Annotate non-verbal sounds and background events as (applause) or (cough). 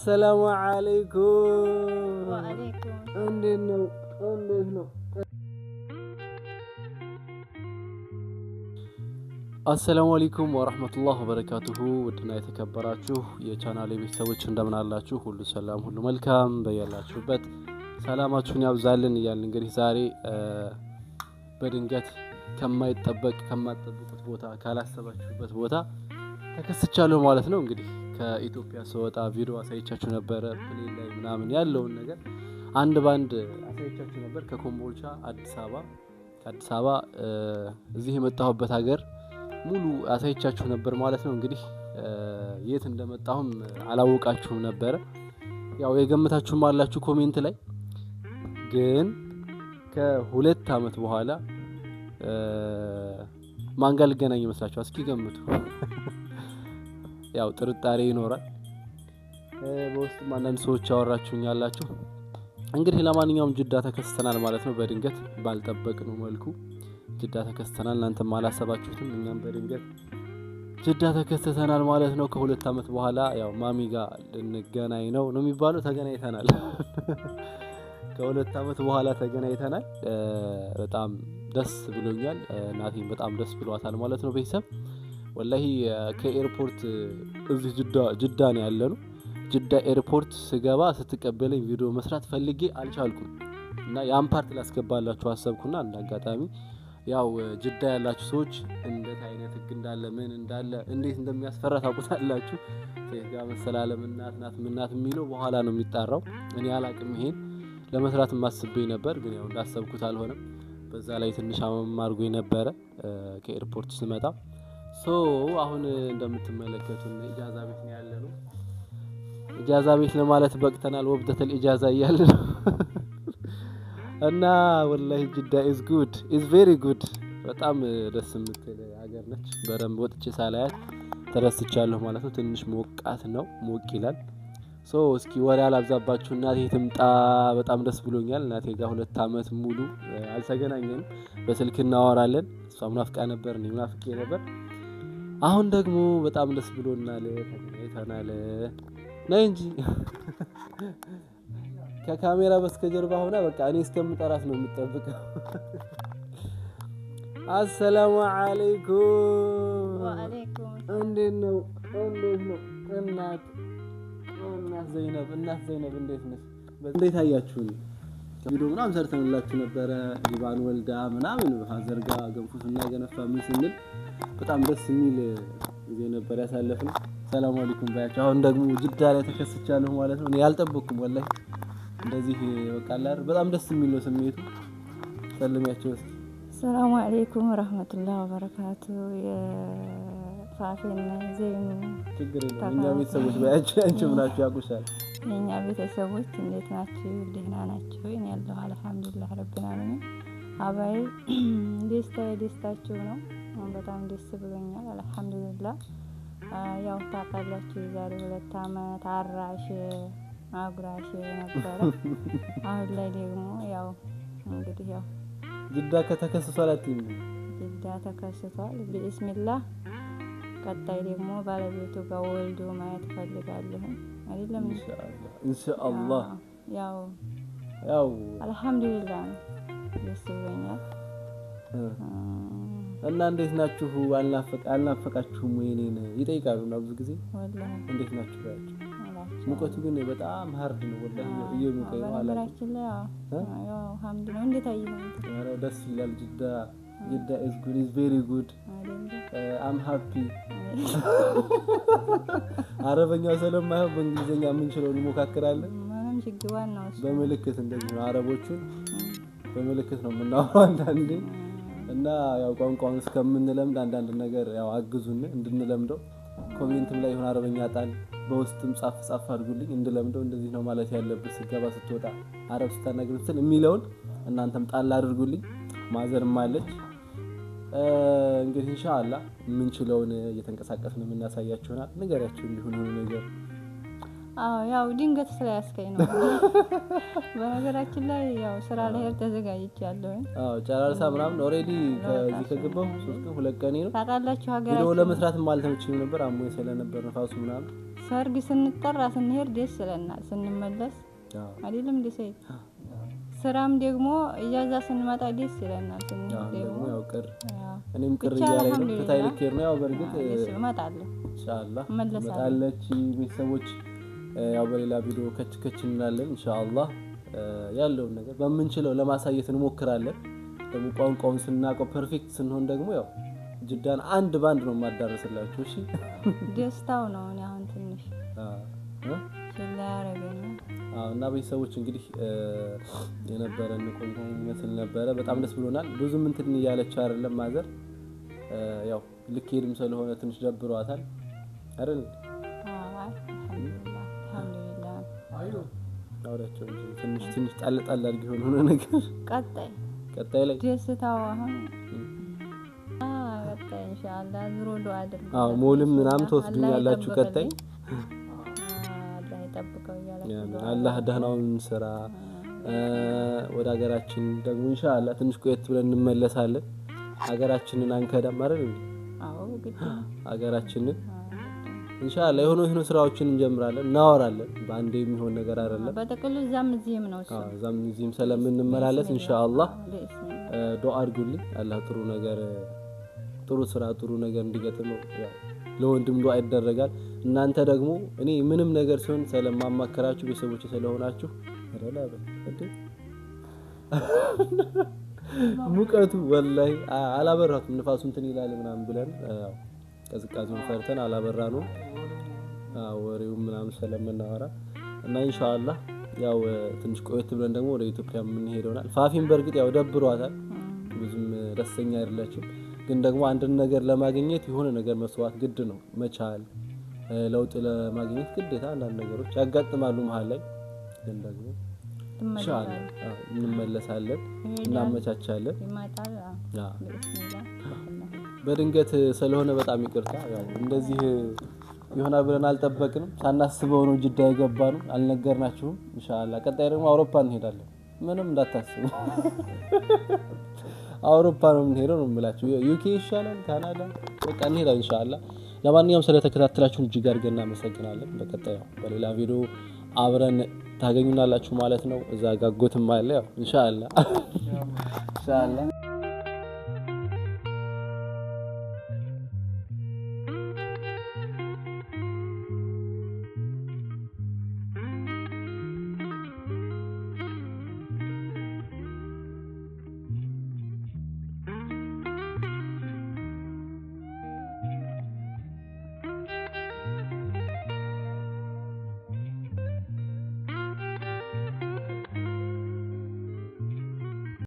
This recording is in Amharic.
አሰላሙ አለይኩም። እንዴት ነው? እንዴት ነው? አሰላሙ አለይኩም ወራህመቱላህ ወበረካቱሁ። ውድና የተከበራችሁ የቻናሌ ቤተሰቦች እንደምን አላችሁ? ሁሉ ሰላም፣ ሁሉ መልካም፣ በያላችሁበት ሰላማችሁን ያብዛልን እያልን እንግዲህ ዛሬ በድንገት ከማይጠበቅ ከማጠብቁት ቦታ ካላሰባችሁበት ቦታ ተከስቻለሁ ማለት ነው እንግዲህ ከኢትዮጵያ ስወጣ ቪዲዮ አሳይቻችሁ ነበረ፣ ፕሌን ላይ ምናምን ያለውን ነገር አንድ ባንድ አሳይቻችሁ ነበር። ከኮምቦልቻ አዲስ አበባ፣ ከአዲስ አበባ እዚህ የመጣሁበት ሀገር ሙሉ አሳይቻችሁ ነበር ማለት ነው። እንግዲህ የት እንደመጣሁም አላወቃችሁም ነበረ። ያው የገምታችሁም አላችሁ ኮሜንት ላይ ግን ከሁለት ዓመት በኋላ ማንጋ ልገናኝ ይመስላችኋል? እስኪ ገምቱ። ያው ጥርጣሬ ይኖራል። በውስጥም አንዳንድ ሰዎች ያወራችሁኝ ያላችሁ እንግዲህ ለማንኛውም ጅዳ ተከስተናል ማለት ነው። በድንገት ባልጠበቅ ነው መልኩ ጅዳ ተከስተናል። እናንተም አላሰባችሁትም፣ እኛም በድንገት ጅዳ ተከስተናል ማለት ነው። ከሁለት ዓመት በኋላ ያው ማሚ ጋር ልንገናኝ ነው ነው የሚባለው ተገናኝተናል። (laughs) ከሁለት ዓመት በኋላ ተገናኝተናል። በጣም ደስ ብሎኛል። እናቴም በጣም ደስ ብሏታል ማለት ነው ቤተሰብ ወላሂ ከኤርፖርት እዚህ ጅዳ ነው ያለ ነው። ጅዳ ኤርፖርት ስገባ ስትቀበለኝ ቪዲዮ መስራት ፈልጌ አልቻልኩም እና ያን ፓርት ላስገባላችሁ አሰብኩና እንደ አጋጣሚ ያው ጅዳ ያላችሁ ሰዎች እንዴት አይነት ህግ እንዳለ ምን እንዳለ እንዴት እንደሚያስፈራ ታውቁታላችሁ። ጋ መሰላለም እናት ናት ምናት የሚለው በኋላ ነው የሚጣራው። እኔ አላቅም። ይሄን ለመስራት ማስብኝ ነበር፣ ግን ያው እንዳሰብኩት አልሆነም። በዛ ላይ ትንሽ አመም ነበረ ከኤርፖርት ስመጣ ሶ አሁን እንደምትመለከቱን ኢጃዛ ቤት ነው ያለ ነው። ኢጃዛ ቤት ለማለት በቅተናል። ወብደተል ኢጃዛ እያለ ነው እና ወላሂ ጅዳ ኢዝ ጉድ ኢዝ ቬሪ ጉድ። በጣም ደስ የምትል ሀገር ነች። በደንብ ወጥቼ ሳላያት ተረስቻለሁ ማለት ነው። ትንሽ ሞቃት ነው፣ ሞቅ ይላል። ሶ እስኪ ወደ አላብዛባችሁ እናቴ ትምጣ። በጣም ደስ ብሎኛል። እናቴ ጋር ሁለት ዓመት ሙሉ አልተገናኘንም። በስልክ እናወራለን። እሷ ምናፍቃ ነበር፣ እኔ ምናፍቄ ነበር። አሁን ደግሞ በጣም ደስ ብሎናል፣ ተገናኝተናል። ነይ እንጂ (laughs) ከካሜራ በስተጀርባ ሆና በቃ እኔ እስከምጠራት ነው የምጠብቀው። (laughs) አሰላሙ አለይኩም። እንዴት ነው? እንዴት ነው? እናት እናት ዘይነብ፣ እናት ዘይነብ እንዴት ነሽ? እንዴት አያችሁኝ? ቪዲዮ ምናምን ሰርተንላችሁ ነበረ። ሊባን ወልዳ ምናምን ፋዘር ጋ ገንፎ ስናገነፋ ምን ስንል በጣም ደስ የሚል ጊዜ ነበር ያሳለፍን። ሰላም አለይኩም ባያቸው። አሁን ደግሞ ጅዳ ላይ ተከስቻለሁ ማለት ነው። ያልጠበኩም ወላይ እንደዚህ ወቃላር በጣም ደስ የሚል ነው ስሜቱ። ሰልሚያቸው ስ ሰላሙ አለይኩም ወረህመቱላህ ወበረካቱ። የፋፌና ዜ ችግር የለም እኛ ቤተሰቦች ባያቸው ያንችም ናቸው ያቁሻል የእኛ ቤተሰቦች እንዴት ናችሁ? ደህና ናቸው። እኔ ያለሁ አልሐምዱሊላህ ረቢል ዓለሚን። አባይ ደስታ የደስታችሁ ነው። በጣም ደስ ብሎኛል። አልሐምዱሊላህ ያው ታውቃላችሁ የዛሬ ሁለት ዓመት አራሽ አጉራሽ ነበረ። አሁን ላይ ደግሞ ያው እንግዲህ ያው ግዳ ከተከስቷል፣ አትይም ግዳ ተከስቷል። ቢስሚላህ ቀጣይ ደግሞ ባለቤቱ ጋር ወልዶ ማየት ፈልጋለሁ። አይደለም ኢንሻአላህ ያው ያው አልሐምዱሊላህ ነው ደስ ብሎኛል። እና እንዴት ናችሁ? አልናፈቃችሁም ወይ? እኔን ይጠይቃሉ እና ብዙ ጊዜ እንዴት ናችሁ ያችሁ። ሙቀቱ ግን በጣም ሀርድ ነው ወላሂ፣ እየሞቀኝ ነው አላችሁ። ያው ሀምድ ነው። እንዴት አየህ? ደስ ይላል ጅዳ Jeddah uh, is good. is very good. Uh, I'm happy. አረበኛው ስለማይሆን በእንግሊዝኛ የምንችለውን እንሞካክራለን። በምልክት እንደዚህ ነው። አረቦቹን በምልክት ነው የምናወራው አንዳንዴ እና ያው ቋንቋውን እስከምንለምድ አንዳንድ ነገር ያው አግዙን እንድንለምደው። ኮሜንትም ላይ የሆነ አረበኛ ጣል፣ በውስጥም ጻፍ ጻፍ አድርጉልኝ እንድለምደው። እንደዚህ ነው ማለት ያለብህ ስትገባ፣ ስትወጣ፣ አረብ ስታናግር የሚለውን እናንተም ጣል አድርጉልኝ። ማዘርም አለች እንግዲህ እንሻላ የምንችለውን እየተንቀሳቀስን የምናሳያችሁ ይሆናል። ንገሪያችሁ እንዲሆን የሆነ ነገር ያው ድንገት ስለያዝከኝ ነው። (laughs) በነገራችን ላይ ያው ስራ ተዘጋጅች ተዘጋጅቻለሁኝ። ጨራርሳ ምናምን ኦሬዲ ከዚህ ከገባሁ ሶስት ቀን ሁለት ቀኔ ነው። ታውቃላችሁ ሀገራችን ለመስራት አልተመቸኝም ነበር አሞ ስለነበር ነፋሱ ምናምን። ሰርግ ስንጠራ ስንሄድ ደስ ይለናል፣ ስንመለስ አይደለም ደስ ስራም ደግሞ እያዛ ስንመጣ ደስ ይለናል። ቅር እኔም ቅር እያለኝ ነው። ፍታይ ልኬር ነው ያው በእርግጥ እመጣለሁ ኢንሻአላህ ቤተሰቦች ያው በሌላ ቪዲዮ ከች ከች እንላለን ኢንሻአላህ። ያለውን ነገር በምንችለው ለማሳየት እንሞክራለን። ደግሞ ቋንቋውን ስናውቀው ፐርፌክት ስንሆን ደግሞ ያው ጅዳን አንድ ባንድ ነው የማዳረስላችሁ። እሺ ደስታው ነው አሁን ትንሽ እና ቤተሰቦች እንግዲህ የነበረ ቆይታ የሚመስል ነበረ። በጣም ደስ ብሎናል። ብዙም እንትን እያለች አይደለም ማዘር ያው ልክ ሄድም ስለሆነ ትንሽ ደብሯታል አይደል? አውዳቸው ትንሽ ትንሽ ጣል ጣል አድርጊ ሆነ ሆነ ነገር ቀጣይ ቀጣይ ላይ ደስታው አሁን ቀጣይ ኢንሻአላህ ዙሮ ዱአ አድርጉ። ሞልም ምናምን ትወስዱኛላችሁ ቀጣይ አላህ ደህናውን ስራ ወደ ሀገራችን ደግሞ ኢንሻአላህ ትንሽ ቆየት ብለን እንመለሳለን። ሀገራችንን አንከዳም አይደል? ሀገራችንን ኢንሻአላህ የሆነ የሆነ ስራዎችን እንጀምራለን፣ እናወራለን። በአንዴ የሚሆን ነገር አይደለም። በጥቅሉ እዛም እዚህም ነው እሱ። እዛም እዚህም ስለምንመላለስ ኢንሻአላህ ዱአ አድርጉልኝ። አላህ ጥሩ ነገር ጥሩ ስራ ጥሩ ነገር እንዲገጥመው ለወንድም ዱዓ ይደረጋል። እናንተ ደግሞ እኔ ምንም ነገር ሲሆን ስለማማከራችሁ ቤተሰቦች ስለሆናችሁ (laughs) ሙቀቱ ወላይ አላበራቱም። ንፋሱ እንትን ይላል ምናምን ብለን ቅዝቃዜውን ፈርተን አላበራ ነው ወሬውም ምናምን ስለምናወራ እና ኢንሻአላህ ያው ትንሽ ቆየት ብለን ደግሞ ወደ ኢትዮጵያ የምንሄደውናል። ፋፊን በእርግጥ ያው ደብሯታል፣ ብዙም ደስተኛ አይደለችም። ግን ደግሞ አንድን ነገር ለማግኘት የሆነ ነገር መስዋዕት ግድ ነው መቻል። ለውጥ ለማግኘት ግዴታ አንዳንድ ነገሮች ያጋጥማሉ መሀል ላይ። ግን ደግሞ እንመለሳለን፣ እናመቻቻለን። በድንገት ስለሆነ በጣም ይቅርታ። እንደዚህ የሆነ ብለን አልጠበቅንም። ሳናስበው ነው ጅዳ የገባ ነው፣ አልነገርናችሁም። ኢንሻላህ ቀጣይ ደግሞ አውሮፓ እንሄዳለን። ምንም እንዳታስቡ። አውሮፓ ነው የምንሄደው ነው የምላችሁ። ዩኬ ይሻላል፣ ካናዳ በቃ እንሄዳ እንሻላ። ለማንኛውም ስለተከታተላችሁን እጅግ አድርገን እናመሰግናለን። በቀጣዩ በሌላ ቪዲዮ አብረን ታገኙናላችሁ ማለት ነው። እዛ ጋጎትም አለ ያው እንሻላ